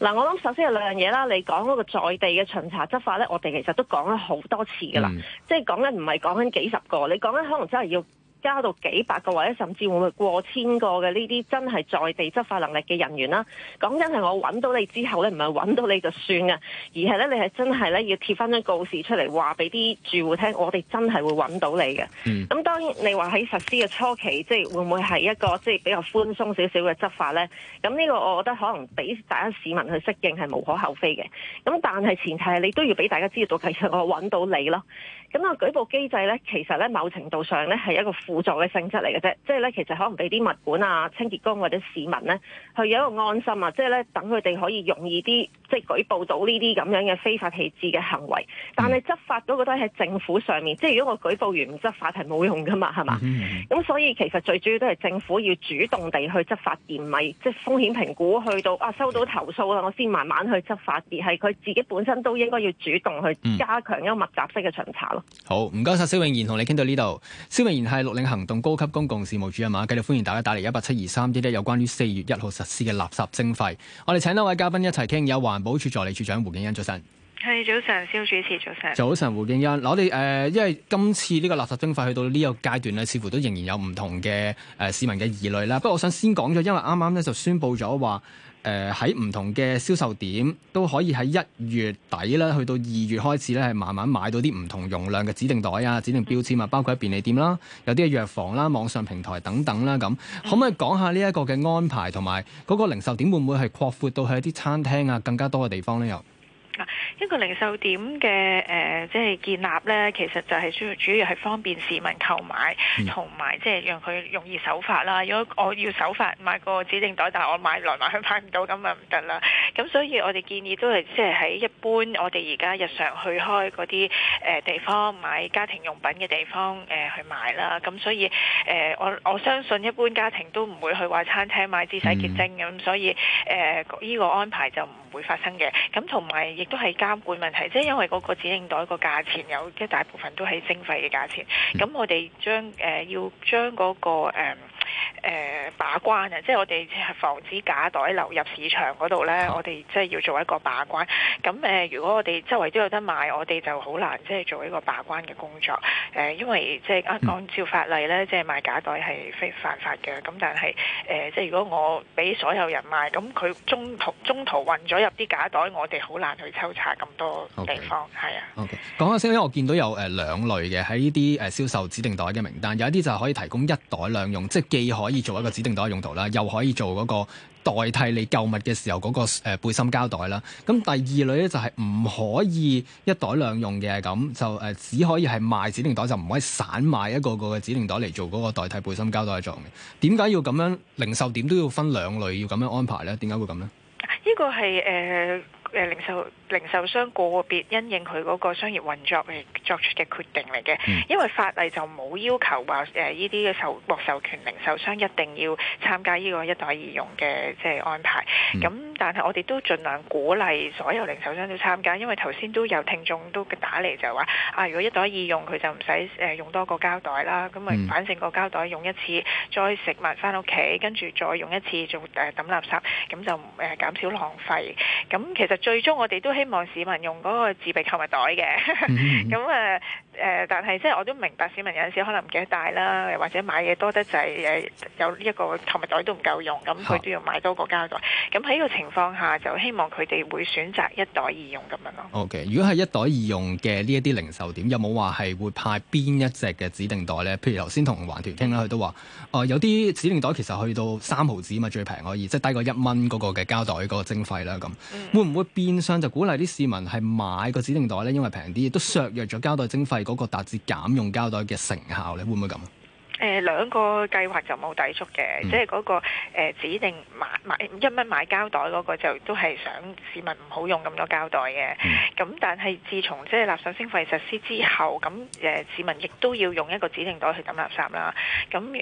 嗱，我諗首先係兩樣嘢啦。你講嗰個在地嘅巡查執法咧，我哋其實都講咗好多次噶啦，嗯、即係講緊唔係講緊幾十個，你講緊可能真係要。加到幾百個，或者甚至會唔會過千個嘅呢啲真係在地執法能力嘅人員啦。講真係，我揾到你之後咧，唔係揾到你就算嘅，而係咧你係真係咧要貼翻張告示出嚟，話俾啲住戶聽，我哋真係會揾到你嘅。咁、嗯、當然你話喺實施嘅初期，即係會唔會係一個即係比較寬鬆少少嘅執法呢？咁呢個我覺得可能俾大家市民去適應係無可厚非嘅。咁但係前提係你都要俾大家知道，其實我揾到你咯。咁啊，個舉報機制咧，其實咧某程度上咧係一個輔助嘅性質嚟嘅啫，即係咧其實可能俾啲物管啊、清潔工或者市民咧，去有一個安心啊，即係咧等佢哋可以容易啲即係舉報到呢啲咁樣嘅非法棄置嘅行為。但係執法嗰個都係政府上面，即係如果我舉報完唔執法係冇用噶嘛，係嘛？咁、mm hmm. 所以其實最主要都係政府要主動地去執法，而唔係即係風險評估去到啊收到投訴啦，我先慢慢去執法，而係佢自己本身都應該要主動去加強一個密集式嘅巡查。Mm hmm. 好唔該，晒，蕭永賢，同你傾到呢度。蕭永賢係綠嶺行動高級公共事務主任嘛，繼續歡迎大家打嚟，一八七二三一一，有關於四月一號實施嘅垃圾徵費。我哋請兩位嘉賓一齊聽，有環保署助理署、署長胡景欣。早晨，係早晨，蕭主持早晨，早晨胡景欣。我哋誒、呃，因為今次呢個垃圾徵費去到呢個階段咧，似乎都仍然有唔同嘅誒、呃、市民嘅疑慮啦。不過我想先講咗，因為啱啱咧就宣布咗話。誒喺唔同嘅銷售點都可以喺一月底啦，去到二月開始咧，係慢慢買到啲唔同容量嘅指定袋啊、指定標籤啊，包括喺便利店啦、有啲嘅藥房啦、網上平台等等啦，咁可唔可以講下呢一個嘅安排同埋嗰個零售點會唔會係擴闊闊到去一啲餐廳啊更加多嘅地方呢？又？一個零售點嘅誒、呃，即係建立咧，其實就係主要主要係方便市民購買，同埋即係讓佢容易守法啦。如果我要守法買個指定袋，但係我買來買去買唔到，咁咪唔得啦。咁所以我哋建議都係即係喺一般我哋而家日常去開嗰啲誒地方買家庭用品嘅地方誒、呃、去買啦。咁所以誒、呃，我我相信一般家庭都唔會去話餐廳買支洗潔精咁，所以誒依、呃這個安排就唔會發生嘅。咁同埋亦都係。監管問題，即因為嗰個指定袋個價錢有一大部分都係徵費嘅價錢，咁我哋將誒、呃、要將嗰、那個誒。呃誒把關啊，即係我哋即係防止假袋流入市場嗰度咧，我哋即係要做一個把關。咁誒，如果我哋周圍都有得賣，我哋就好難即係做一個把關嘅工作。誒，因為即係按照法例咧，即係賣假袋係非犯法嘅。咁但係誒，即係如果我俾所有人賣，咁佢中途中途運咗入啲假袋，我哋好難去抽查咁多地方。係啊。Okay。講下先咧，我見到有誒兩類嘅喺呢啲誒銷售指定袋嘅名單，有一啲就係可以提供一袋兩用，即係。既可以做一個指定袋嘅用途啦，又可以做嗰個代替你購物嘅時候嗰個誒背心膠袋啦。咁第二類咧就係唔可以一袋兩用嘅，咁就誒只可以係賣指定袋，就唔可以散賣一個個嘅指定袋嚟做嗰個代替背心膠袋嘅作用。點解要咁樣，零售點都要分兩類要咁樣安排咧？點解會咁呢？呢，呢個係誒。呃誒、呃、零售零售商個別因應佢嗰個商業運作嚟作出嘅決定嚟嘅，嗯、因為法例就冇要求話誒呢啲嘅受獲授權零售商一定要參加呢個一袋二用嘅即係安排。咁、嗯、但係我哋都盡量鼓勵所有零售商都參加，因為頭先都有聽眾都打嚟就話啊，如果一袋二用佢就唔使誒用多個膠袋啦，咁啊反正個膠袋用一次再食埋返屋企，跟住再用一次做誒抌垃圾，咁就誒、呃、減少浪費。咁其實最終我哋都希望市民用嗰個自備購物袋嘅，咁誒、嗯嗯。 *laughs* 嗯誒，但係即係我都明白市民有陣時可能唔記得帶啦，或者買嘢多得滯，誒有呢一個購物袋都唔夠用，咁佢都要買多個膠袋。咁喺呢個情況下，就希望佢哋會選擇一袋二用咁樣咯。O、okay, K，如果係一袋二用嘅呢一啲零售點，有冇話係會派邊一隻嘅指定袋咧？譬如頭先同環團傾啦，佢都話，哦、呃、有啲指定袋其實去到三毫子嘛，最平可以，即係低過一蚊嗰個嘅膠袋嗰個徵費啦。咁、嗯、會唔會變相就鼓勵啲市民係買個指定袋咧，因為平啲，都削弱咗膠袋徵費。嗰個達至減用膠袋嘅成效咧，會唔會咁？兩個計劃就冇抵觸嘅，嗯、即係嗰、嗰個、呃、指定買買一蚊買膠袋嗰個就都係想市民唔好用咁多膠袋嘅。咁、嗯、但係自從即係立上升廢實施之後，咁、呃、市民亦都要用一個指定袋去抌垃圾啦。咁誒，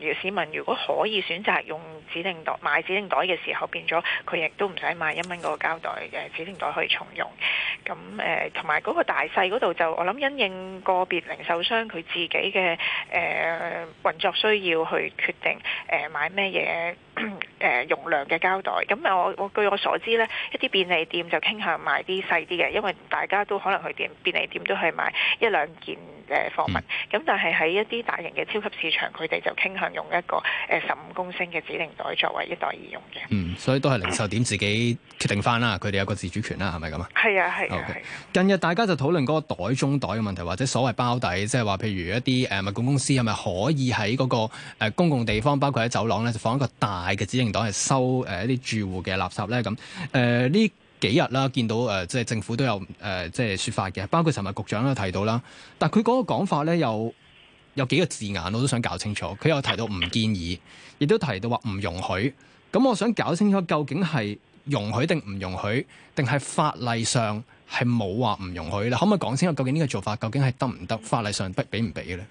如、呃、市民如果可以選擇用指定袋買指定袋嘅時候，變咗佢亦都唔使買一蚊嗰個膠袋嘅。呃、指定袋可以重用。咁誒同埋嗰個大細嗰度就我諗因應個別零售商佢自己嘅運作需要去決定，呃、買咩嘢、呃、容量嘅膠袋。咁我我據我所知呢，一啲便利店就傾向買啲細啲嘅，因為大家都可能去店，便利店都係買一兩件。誒貨物，咁、嗯、但係喺一啲大型嘅超級市場，佢哋就傾向用一個誒十五公升嘅指定袋作為一袋二用嘅。嗯，所以都係零售店自己決定翻啦，佢哋有個自主權啦，係咪咁啊？係啊，係 Okay.、啊、近日大家就討論嗰個袋中袋嘅問題，或者所謂包底，即係話譬如一啲誒物管公司係咪可以喺嗰個公共地方，包括喺走廊咧，就放一個大嘅指定袋嚟收誒一啲住戶嘅垃圾咧？咁誒呢？嗯嗯幾日啦，見到誒，即、呃、係政府都有誒，即、呃、係、呃、說法嘅，包括尋日局長都提到啦，但佢嗰個講法咧又有幾個字眼，我都想搞清楚。佢又提到唔建議，亦都提到話唔容許。咁我想搞清楚究竟係容許定唔容許，定係法例上係冇話唔容許咧？可唔可以講清楚究竟呢個做法究竟係得唔得？法例上逼俾唔俾咧？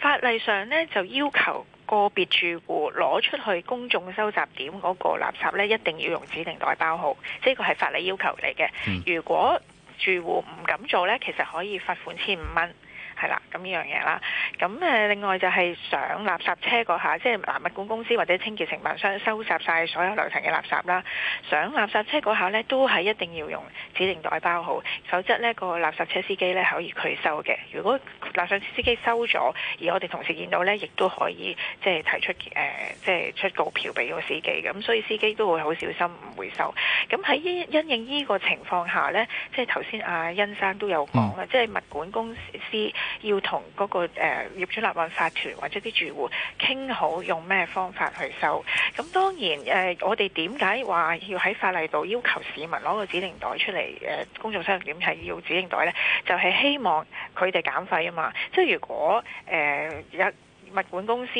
法例上咧就要求個別住戶攞出去公眾收集點嗰個垃圾咧，一定要用指定袋包好。呢個係法例要求嚟嘅。嗯、如果住戶唔敢做咧，其實可以罰款千五蚊。係啦，咁呢樣嘢啦。咁誒，另外就係上垃圾車嗰下，即係物管公司或者清潔承辦商收集晒所有樓層嘅垃圾啦。上垃圾車嗰下呢，都係一定要用指定袋包好，否則呢、個垃圾車司機呢，可以拒收嘅。如果垃圾車司機收咗，而我哋同事見到呢，亦都可以即係提出、呃、即係出告票俾個司機。咁所以司機都會好小心唔回收。咁喺因應呢個情況下呢，即係頭先阿欣生都有講啦，哦、即係物管公司，要同嗰、那個誒、呃、業主立案法團或者啲住戶傾好用咩方法去收？咁當然誒、呃，我哋點解話要喺法例度要求市民攞個指定袋出嚟？誒、呃，公眾商點係要指定袋呢？就係、是、希望佢哋減費啊嘛！即、就、係、是、如果誒有、呃、物管公司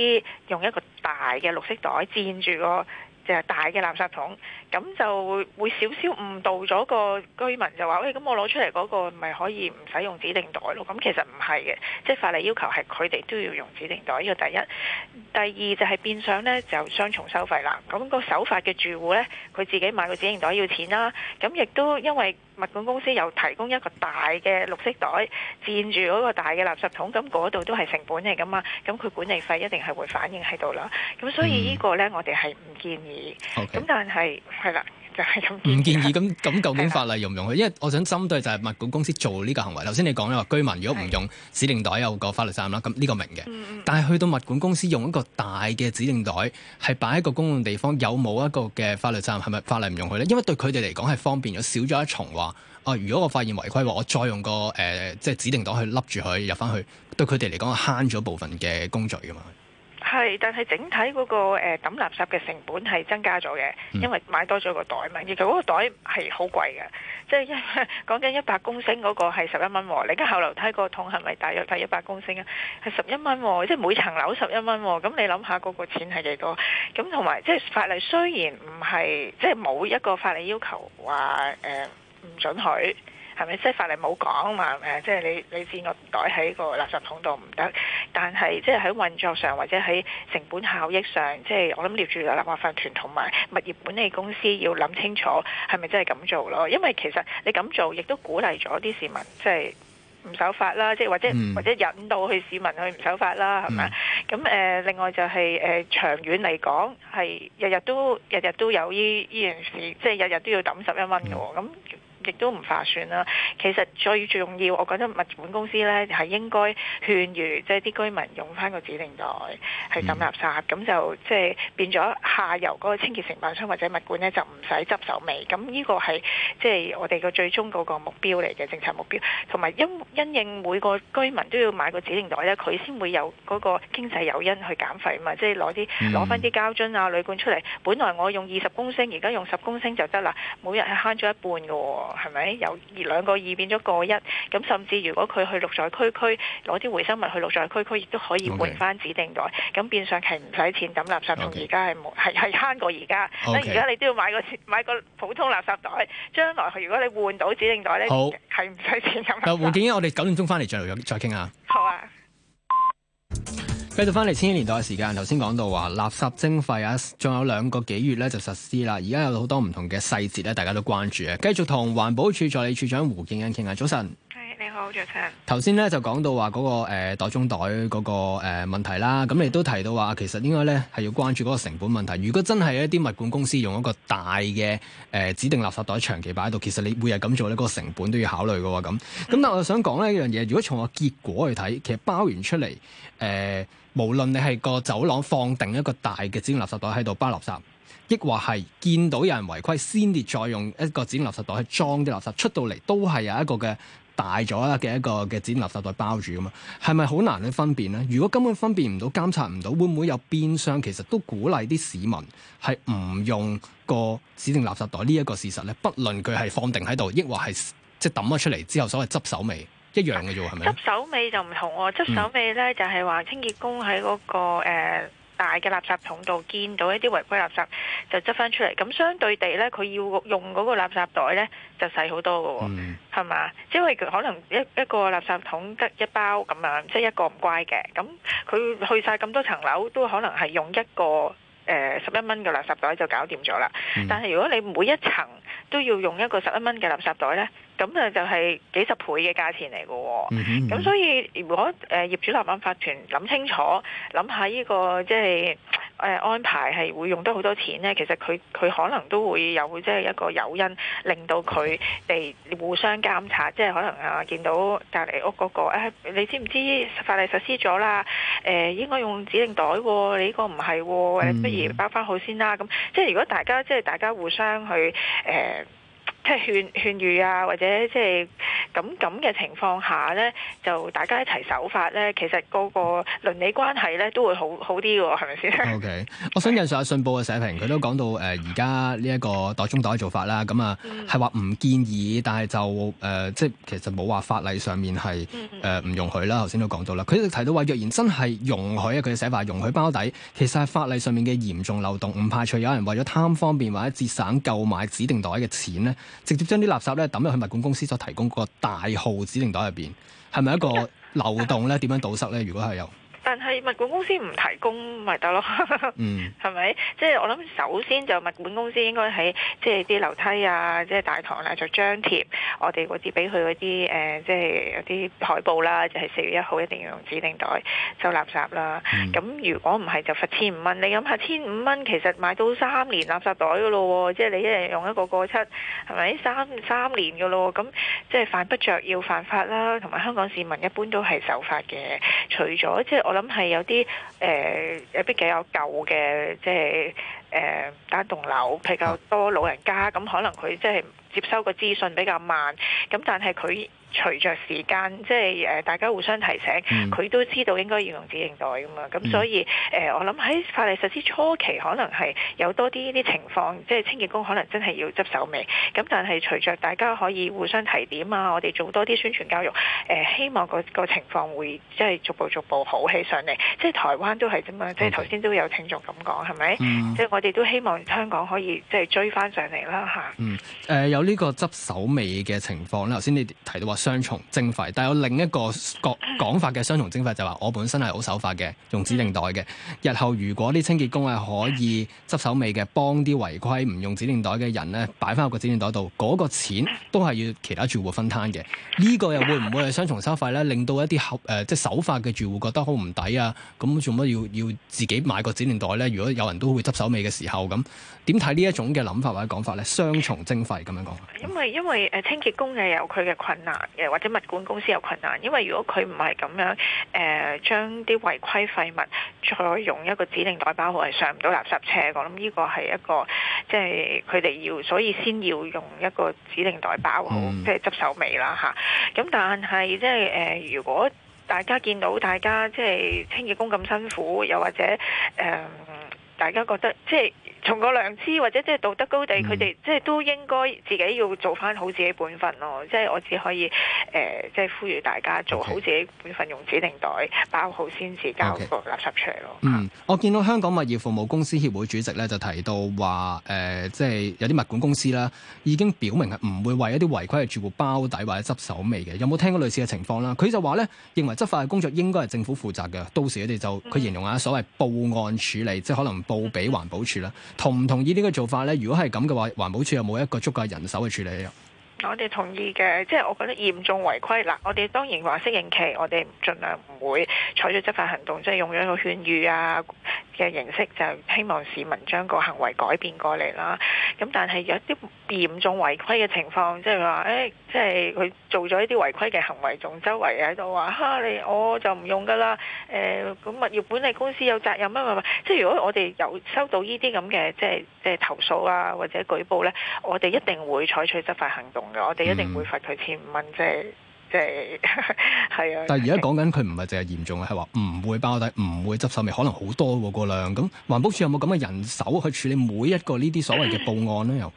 用一個大嘅綠色袋佔住個就係大嘅垃圾桶，咁就會少少誤導咗個居民就，就、哎、話：喂，咁我攞出嚟嗰個咪可以唔使用，用指定袋咯？咁、嗯、其實唔係嘅，即係法例要求係佢哋都要用指定袋。呢、呢個第一，第二就係變相呢，就雙重收費啦。咁、嗯、個守法嘅住戶呢，佢自己買個指定袋要錢啦。咁、嗯、亦都因為物管公司又提供一個大嘅綠色袋，佔住嗰個大嘅垃圾桶，咁嗰度都係成本嚟㗎嘛。咁佢管理費一定係會反映喺度啦。咁、嗯、所以呢個呢，我哋係唔建議。咁 Okay. 但係。係啦，就係咁。唔建議咁咁，咁究竟法例容唔容許？是的 因為我想針對就係物管公司做呢個行為。頭先你講，咧話居民如果唔用指定袋有個法律責任啦，咁呢是的 個明嘅。但係去到物管公司用一個大嘅指定袋，係擺喺個公共地方，有冇一個嘅法律責任？係咪法例唔容許咧？因為對佢哋嚟講係方便咗，少咗一重話、呃。如果我發現違規話，我再用個即係、呃、指定袋去笠住佢入翻去，對佢哋嚟講慳咗部分嘅工序㗎嘛。係，但係整體嗰個誒抌垃圾嘅成本係增加咗嘅，因為買多咗個袋嘛。而佢嗰個袋係好貴嘅，即係講緊一百公升嗰個係十一蚊。你家下後樓梯個桶係咪大約大約一百公升啊？係十一蚊，即係每層樓十一蚊。咁你諗下個個錢係幾多？咁同埋即係法例雖然唔係即係冇一個法例要求話誒唔准許。係咪即係法例冇講嘛，誒？即係你你自我袋喺個垃圾桶度唔得，但係即係喺運作上或者喺成本效益上，即係我諗住立案法團同埋物業管理公司要諗清楚係咪真係咁做咯？因為其實你咁做亦都鼓勵咗啲市民即係唔守法啦，即係或者、嗯、或者引導去市民去唔守法啦，係咪咁？誒，另外就係、是、誒、呃、長遠嚟講係日日都日日都有呢呢樣事，即係日日都要揼十一蚊嘅喎咁。嗯。亦都唔划算啦。其實最重要，我覺得物管公司呢係應該勸喻，即係啲居民用翻個指定袋去揼垃圾。咁就即係、就是、變咗下游嗰個清潔承辦商或者物管呢，就唔使執手尾。咁呢個係即係我哋個最終嗰個目標嚟嘅政策目標。同埋因因應每個居民都要買個指定袋呢，佢先會有嗰個經濟誘因去減廢啊嘛。即係攞啲攞翻啲膠樽啊、鋁罐出嚟，本來我用二十公升，而家用十公升就得啦。每日係慳咗一半嘅喎、哦。係咪由二兩個二變咗個一？咁甚至如果佢去綠在區區攞啲回收物去綠在區區，亦都可以換翻指定袋。咁變相係唔使錢抌垃圾，同而家係冇係係慳過而家。咁而家你都要買個買個普通垃圾袋，將來如果你換到指定袋呢，係唔使錢。咁換，胡勁欣，我哋九點鐘翻嚟再再傾下啊！好啊。繼續翻嚟千禧年代嘅時間，頭先講到話垃圾徵費啊，仲有兩個幾月咧，就實施啦。而家有好多唔同嘅細節咧，大家都關注啊。繼續同環保署助理署長胡勁欣傾下。早晨，係你好，早晨。頭先咧，就講到話、那、嗰個誒、呃、袋中袋嗰、那個誒、呃、問題啦。咁亦都提到話，其實應該咧，係要關注嗰個成本問題。如果真係一啲物管公司用一個大嘅誒、呃、指定垃圾袋長期擺喺度，其實你每日咁做呢嗰、那個成本都要考慮㗎喎。咁咁，但我想講呢一樣嘢，如果從個結果去睇，其實包完出嚟誒。呃無論你係個走廊放定一個大嘅指定垃圾袋喺度包垃圾，抑或係見到有人違規先跌再用一個指定垃圾袋去裝啲垃圾出到嚟，都係有一個嘅大咗啦嘅一個嘅指定垃圾袋包住噶嘛，係咪好難去分辨呢？如果根本分辨唔到，監察唔到，會唔會有邊廂，其實都鼓勵啲市民係唔用個指定垃圾袋呢一個事實呢，不論佢係放定喺度，抑或係即係抌咗出嚟之後，所謂執手尾。一樣嘅啫喎，係咪？執手尾就唔同喎，執手尾呢就係話清潔工喺嗰個誒大嘅垃圾桶度見到一啲違規垃圾，就執返出嚟。咁相對地呢，佢要用嗰個垃圾袋呢就細好多㗎喎，係嘛？因為可能一一個垃圾桶得一包咁樣，即係一個唔乖嘅，咁佢去晒咁多層樓都可能係用一個誒十一蚊嘅垃圾袋就搞掂咗啦。但係如果你每一層都要用一個十一蚊嘅垃圾袋呢，咁啊，就係幾十倍嘅價錢嚟嘅喎。咁、mm hmm. 所以如果誒、呃、業主立案法團諗清楚，諗下呢、呢個即係誒、呃、安排係會用得好多錢咧。其實佢佢可能都會有即係一個誘因，令到佢哋互相監察，mm hmm. 即係可能啊見到隔離屋嗰、嗰個、哎、你知唔知法例實施咗啦？誒、呃、應該用指定袋喎、哦，你呢個唔係、哦，喎、mm，不、hmm. 如包翻好先啦。咁即係如果大家即係大家互相去誒。呃即係勸，勸喻啊，或者即係咁咁嘅情況下咧，就大家一齊守法咧。其實嗰個倫理關係咧，都會好好啲嘅，係咪先？O K，我想引述下信報嘅寫評，佢都講到誒而家呢一個袋中袋嘅做法啦。咁、嗯、啊，係話唔建議，但係就誒、呃、即係其實冇話法例上面係誒唔容許啦。頭先都講到啦，佢提到話，若然真係容許啊，佢嘅寫法容許包底，其實係法例上面嘅嚴重漏洞，唔排除有人為咗貪方便或者節省購買指定袋嘅錢咧。直接將啲垃圾咧抌入去物管公司所提供，個大號指定袋入面，係咪一個漏洞咧？點樣堵塞咧？如果係有？但係物管公司唔提供咪得咯？嗯，係咪？ *laughs* 即係我諗，首先就物管公司應該喺即係啲樓梯啊，即係大堂啦，就張貼我哋嗰啲俾佢嗰啲誒，即係有啲海報啦，就係四月一號一定要用指定袋收垃圾啦。咁如果唔係就罰千五蚊。你諗下，千五蚊其實買到三年垃圾袋噶咯喎，即係你一日用一個過七係咪三三年噶咯？咁即係犯不着要犯法啦。同埋香港市民一般都係守法嘅，除咗即係我諗。咁係有啲誒、呃，有啲幾有舊嘅，即係誒單棟樓比較多老人家，咁可能佢即係接收個資訊比較慢，咁但係佢。隨着時間，即係誒大家互相提醒，佢、嗯、都知道應該要用指定袋噶嘛。咁所以誒、嗯呃，我諗喺法例實施初期，可能係有多啲呢啲情況，即係清潔工可能真係要執手尾。咁但係隨着大家可以互相提點啊，我哋做多啲宣傳教育，誒、呃、希望個情況會即係逐步逐步好起上嚟。即係台灣都係啫嘛，Okay. 即係頭先都有聽眾咁講係咪？是嗯、即係我哋都希望香港可以即係追翻上嚟啦嚇。嗯、呃、有呢個執手尾嘅情況咧。頭先你提到話。雙重徵費，但有另一個講講法嘅雙重徵費就話：我本身係好守法嘅，用指定袋嘅。日後如果啲清潔工係可以執手尾嘅，幫啲違規唔用指定袋嘅人咧，擺返入個指定袋度，嗰個錢都係要其他住戶分攤嘅。呢個又會唔會係雙重收費咧？令到一啲合誒即係守法嘅住戶覺得好唔抵啊？咁做乜要要自己買個指定袋咧？如果有人都會執手尾嘅時候咁，點睇呢一種嘅諗法或者講法咧？雙重徵費咁樣講。因為因為誒清潔工嘅有佢嘅困難。誒或者物管公司有困難，因為如果佢唔係咁樣誒、呃、將啲違規廢物再用一個指定袋包好，係上唔到垃圾車。我諗呢個係一個即係佢哋要，所以先要用一個指定袋包好，即係、嗯、執手尾啦，吓，咁但係即係誒，如果大家見到大家即係、就是、清潔工咁辛苦，又或者誒、呃，大家覺得即係。就是從個良知或者即係道德高地，佢哋即係都應該自己要做翻好自己本分咯。即係、嗯、我只可以即係、呃就是、呼籲大家做好自己本分，okay，用指定袋包好先至交個垃圾出嚟咯。嗯，我見到香港物業服務公司協會主席咧就提到話誒，即、呃、係、就是、有啲物管公司啦，已經表明係唔會為一啲違規嘅住戶包底或者執手尾嘅。有冇聽過類似嘅情況啦？佢就話咧，認為執法嘅工作應該係政府負責嘅，到時佢哋就佢形容下所謂報案處理，嗯、即係可能報俾環保處啦。同唔同意呢個做法咧？如果係咁嘅話，環保署有冇一個足夠人手去處理咧？我哋同意嘅，即係我覺得嚴重違規嗱。我哋當然話適應期，我哋盡量唔會採取執法行動，即係用一個勸喻啊嘅形式，就希望市民將個行為改變過嚟啦。咁但係有一啲嚴重違規嘅情況，即係話誒即係佢做咗一啲違規嘅行為，仲周圍喺度話嚇你，我就唔用噶啦。誒咁物業管理公司有責任啊嘛。即係如果我哋有收到呢啲咁嘅，即係即係投訴啊或者舉報咧，我哋一定會採取執法行動。我哋一定會罰佢千五蚊，即係即係係啊！但係而家講緊佢唔係淨係嚴重啊，係話唔會包底，唔 *laughs* 會執手尾，可能好多過、啊、量咁。環保署有冇咁嘅人手去處理每一個呢啲所謂嘅報案呢？又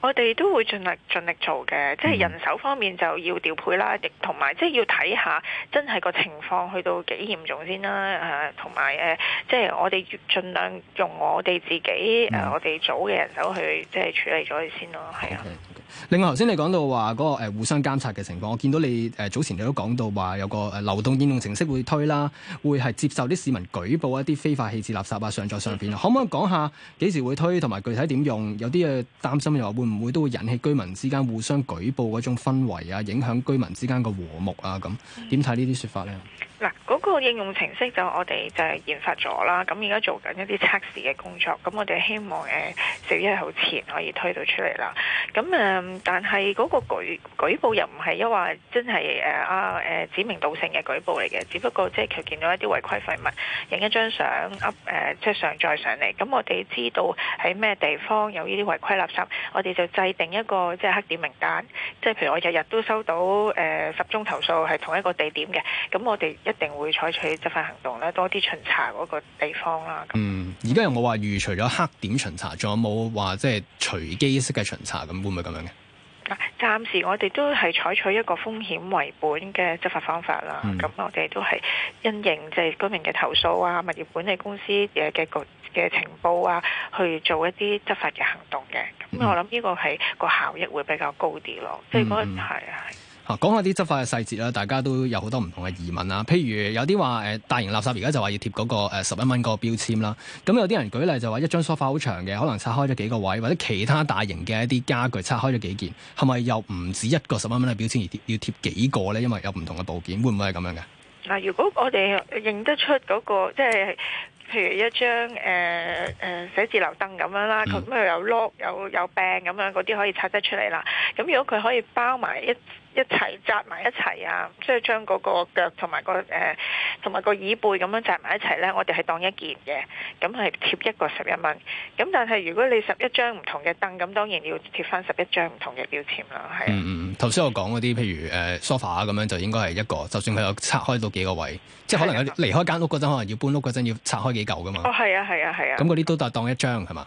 我哋都會盡力盡力做嘅，即、就、係、是、人手方面就要調配啦，亦同埋即係要睇下真係個情況去到幾嚴重先啦。同埋誒，即係、呃就是、我哋盡量用我哋自己誒、嗯、我哋組嘅人手去即係、就是、處理咗佢先咯。係、嗯、啊。Okay. 另外頭先你講到話嗰個誒互相監察嘅情況，我見到你誒早前你都講到話有個誒流動應用程式會推啦，會係接受啲市民舉報一啲非法棄置垃圾啊上咗上面，可唔可以講下幾時會推同埋具體點用？有啲嘅擔心，又話會唔會都會引起居民之間互相舉報嗰種氛圍啊，影響居民之間嘅和睦啊咁？點睇呢啲說法咧？嗱，嗰個應用程式就我哋就係研發咗啦，咁而家做緊一啲測試嘅工作，咁我哋希望誒四月一號前可以推到出嚟啦。咁誒，但係嗰個舉舉報又唔係一話真係誒啊指名道姓嘅舉報嚟嘅，只不過即係佢見到一啲違規廢物，影一張相呃即係、就是、上載上嚟，咁我哋知道喺咩地方有呢啲違規垃圾，我哋就制定一個即係、就是、黑點名單，即、就、係、是、譬如我日日都收到誒、呃、十宗投訴係同一個地點嘅，咁我哋，一定會採取執法行動咧，多啲巡查嗰個地方啦。嗯，而家有冇話預除咗黑點巡查，仲有冇話即係隨機式嘅巡查？咁會唔會咁樣嘅？嗱，暫時我哋都係採取一個風險為本嘅執法方法啦。咁、嗯、我哋都係因應即係居民嘅投訴啊，物業管理公司嘅嘅嘅情報啊，去做一啲執法嘅行動嘅。咁、嗯、我諗呢個係個效益會比較高啲咯。即係嗰係啊係講下啲執法嘅細節啦，大家都有好多唔同嘅疑問啊。譬如有啲話誒大型垃圾而家就話要貼嗰個誒十一蚊嗰個標籤啦。咁有啲人舉例就話一張梳化好長嘅，可能拆開咗幾個位，或者其他大型嘅一啲家具拆開咗幾件，係咪又唔止一個十一蚊嘅標籤而貼要貼幾個咧？因為有唔同嘅部件，會唔會係咁樣嘅？嗱，如果我哋認得出嗰個，即係譬如一張誒誒寫字樓燈咁樣啦，咁佢、嗯、有轆有有柄咁樣嗰啲可以拆得出嚟啦。咁如果佢可以包埋一一齊紮埋一齊啊！即係將嗰個腳同埋個誒同埋個椅背咁樣紮埋一齊咧，我哋係當一件嘅，咁係貼一個十一蚊。咁但係如果你十一張唔同嘅凳，咁當然要貼翻十一張唔同嘅標籤啦。係嗯嗯，頭先我講嗰啲譬如誒梳化啊咁樣，就應該係一個，就算佢有拆開到幾個位，即係可能有離開間屋嗰陣，的可能要搬屋嗰陣要拆開幾嚿噶嘛。哦，係啊，係啊，係啊。咁嗰啲都當當一張係嘛？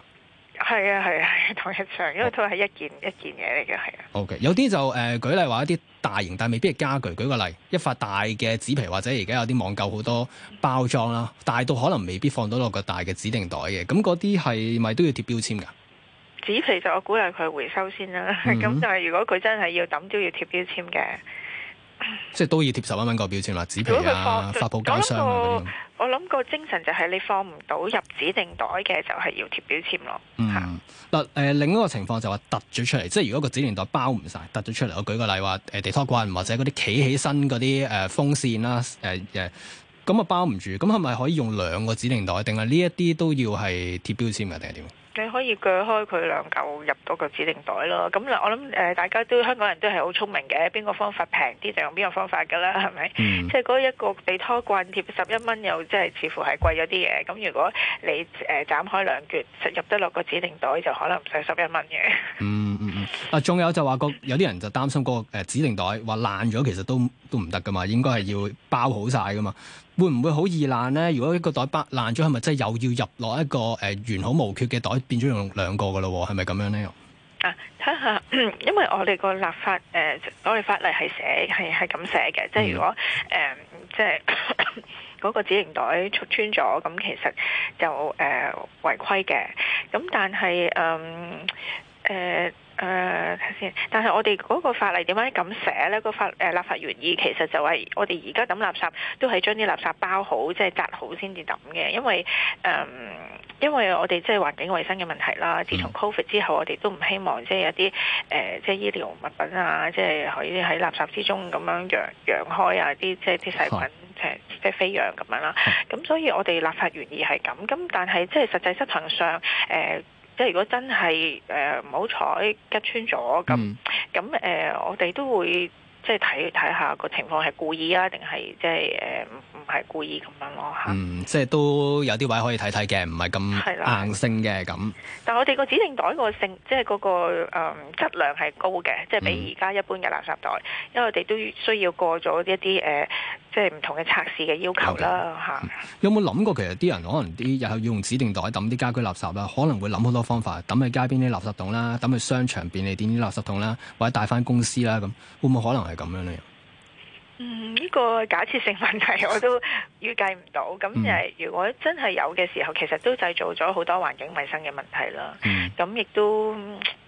係啊，係啊，係同一場，因為都係一件、嗯、一件嘢嚟嘅，係啊。好嘅、okay.，有啲就誒舉例話一啲大型，但係未必係家具。舉個例，一塊大嘅紙皮或者而家有啲網購好多包裝啦，大到可能未必放到落個大嘅指定袋嘅。咁嗰啲係咪都要貼標籤㗎？紙皮就我估係佢回收先啦。咁、mm hmm. 但係如果佢真係要抌都要貼標籤嘅。即係都要貼十蚊蚊個標籤啦，紙皮啊、發泡膠箱咁樣。我諗個精神就係你放唔到入指定袋嘅，就係要貼標籤咯。嗯，嗱是，誒，另一個情況就話突咗出嚟，即係如果個指定袋包唔晒，突咗出嚟，我舉個例話，誒、呃，地拖棍或者嗰啲企起身嗰啲誒風扇啦，誒、呃、誒，咁、呃、啊包唔住，咁係咪可以用兩個指定袋，定係呢一啲都要係貼標籤嘅，定係點？你可以鋸開佢兩嚿入到個指定袋咯，咁我諗、呃、大家都香港人都係好聰明嘅，邊個方法平啲就用邊個方法噶啦，係咪？嗯、即係嗰一個地拖棍貼十一蚊又即係似乎係貴咗啲嘢。咁如果你誒、呃、斬開兩卷入得落個指定袋就可能唔使十一蚊嘅。嗯嗯嗯，啊仲有就話個有啲人就擔心嗰個誒指定袋話爛咗，其實都都唔得噶嘛，應該係要包好晒噶嘛。會唔會好易爛咧？如果一個袋崩爛咗，係咪真係又要入落一個誒完好無缺嘅袋，變咗用兩個噶咯？係咪咁樣咧？啊，睇下，因為我哋個立法誒、呃，我哋法例係寫係係咁寫嘅，即係如果誒，即係嗰個指型袋戳穿咗，咁其實就誒違規嘅。咁、呃、但係誒。呃呃誒睇先，但係我哋嗰個法例點解咁寫咧？個法誒、呃、立法原意其實就係我哋而家抌垃圾都係將啲垃圾包好，即係紮好先至抌嘅。因為誒、呃，因為我哋即係環境衞生嘅問題啦。自從 Covid 之後，我哋都唔希望即係有啲誒，即係、呃、醫療物品啊，即係可以喺垃圾之中咁樣揚揚開啊，啲即係啲細菌誒即係飛揚咁樣啦。咁所以我哋立法原意係咁，咁但係即係實際執行上誒。呃即係如果真係誒唔好彩，吉穿咗咁咁誒，我哋都會即係睇睇下個情況係故意啊，定係即係誒唔唔係故意咁樣咯嚇。嗯，即係都有啲位可以睇睇嘅，唔係咁硬性嘅咁。係嘅，但係我哋個指定袋個性，即係嗰、嗰個誒、呃、質量係高嘅，即係比而家一般嘅垃圾袋，嗯、因為我哋都需要過咗一啲誒。呃即係唔同嘅測試嘅要求啦，嚇有冇了諗是過？其實啲人可能啲日後要用指定袋抌啲家居垃圾啦，可能會諗好多方法抌去街邊啲垃圾筒啦，抌去商場便利店啲垃圾筒啦，或者帶翻公司啦，咁會唔會可能係咁樣呢？嗯，呢、呢個假設性問題我都 *laughs* 預計唔到。咁就係如果真係有嘅時候，其實都製造咗好多環境衞生嘅問題啦。咁亦、嗯、都。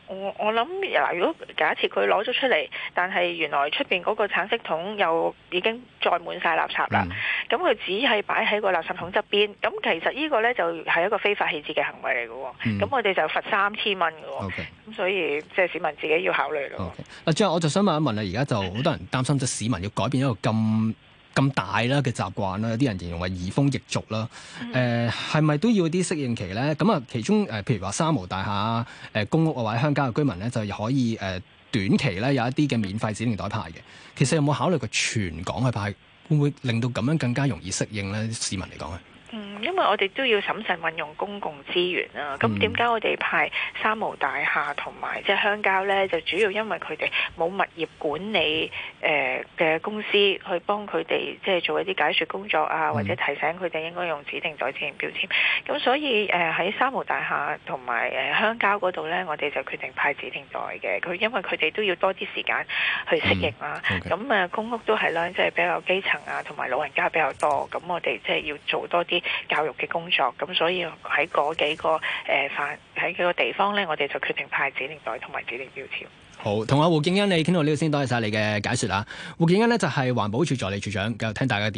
我我諗嗱，如果假設佢攞咗出嚟，但係原來出邊嗰個橙色桶又已經載滿晒垃圾啦，咁佢、嗯、只係擺喺個垃圾桶側邊，咁其實呢個呢，就係一個非法棄置嘅行為嚟嘅，咁、嗯、我哋就罰三千蚊嘅，咁 Okay. 所以即係市民自己要考慮咯。嗱、okay. 啊，最後我就想問一問啦，而家就好多人擔心，即係市民要改變一個咁。咁大啦嘅習慣啦，有啲人形容為移風易俗啦。誒、嗯，係咪、呃、都要啲適應期咧？咁啊，其中誒、呃，譬如話三無大廈、誒、呃、公屋或者鄉郊嘅居民咧，就可以誒、呃、短期咧有一啲嘅免費指定代派嘅。其實有冇考慮過全港去派，會唔會令到咁樣更加容易適應咧？市民嚟講嗯，因為我哋都要審慎運用公共資源啊，咁點解我哋派三無大廈同埋即係鄉郊咧？就主要因為佢哋冇物業管理誒嘅、呃、公司去幫佢哋即係做一啲解說工作啊，或者提醒佢哋應該用指定袋、指定標籤，咁所以誒喺、呃、三無大廈同埋誒鄉郊嗰度咧，我哋就決定派指定袋嘅。佢因為佢哋都要多啲時間去適應啦、啊。咁啊、嗯 okay. 公屋都係啦，即係比較基層啊，同埋老人家比較多。咁我哋即係要做多啲。教育嘅工作，咁所以喺嗰幾個誒，喺、呃、嗰個地方咧，我哋就決定派指定袋同埋指定標籤。好，同阿胡勁欣你傾到呢度先，多謝晒你嘅解說啊！胡勁欣咧就係、是、環保署助理署長，繼續聽大家點？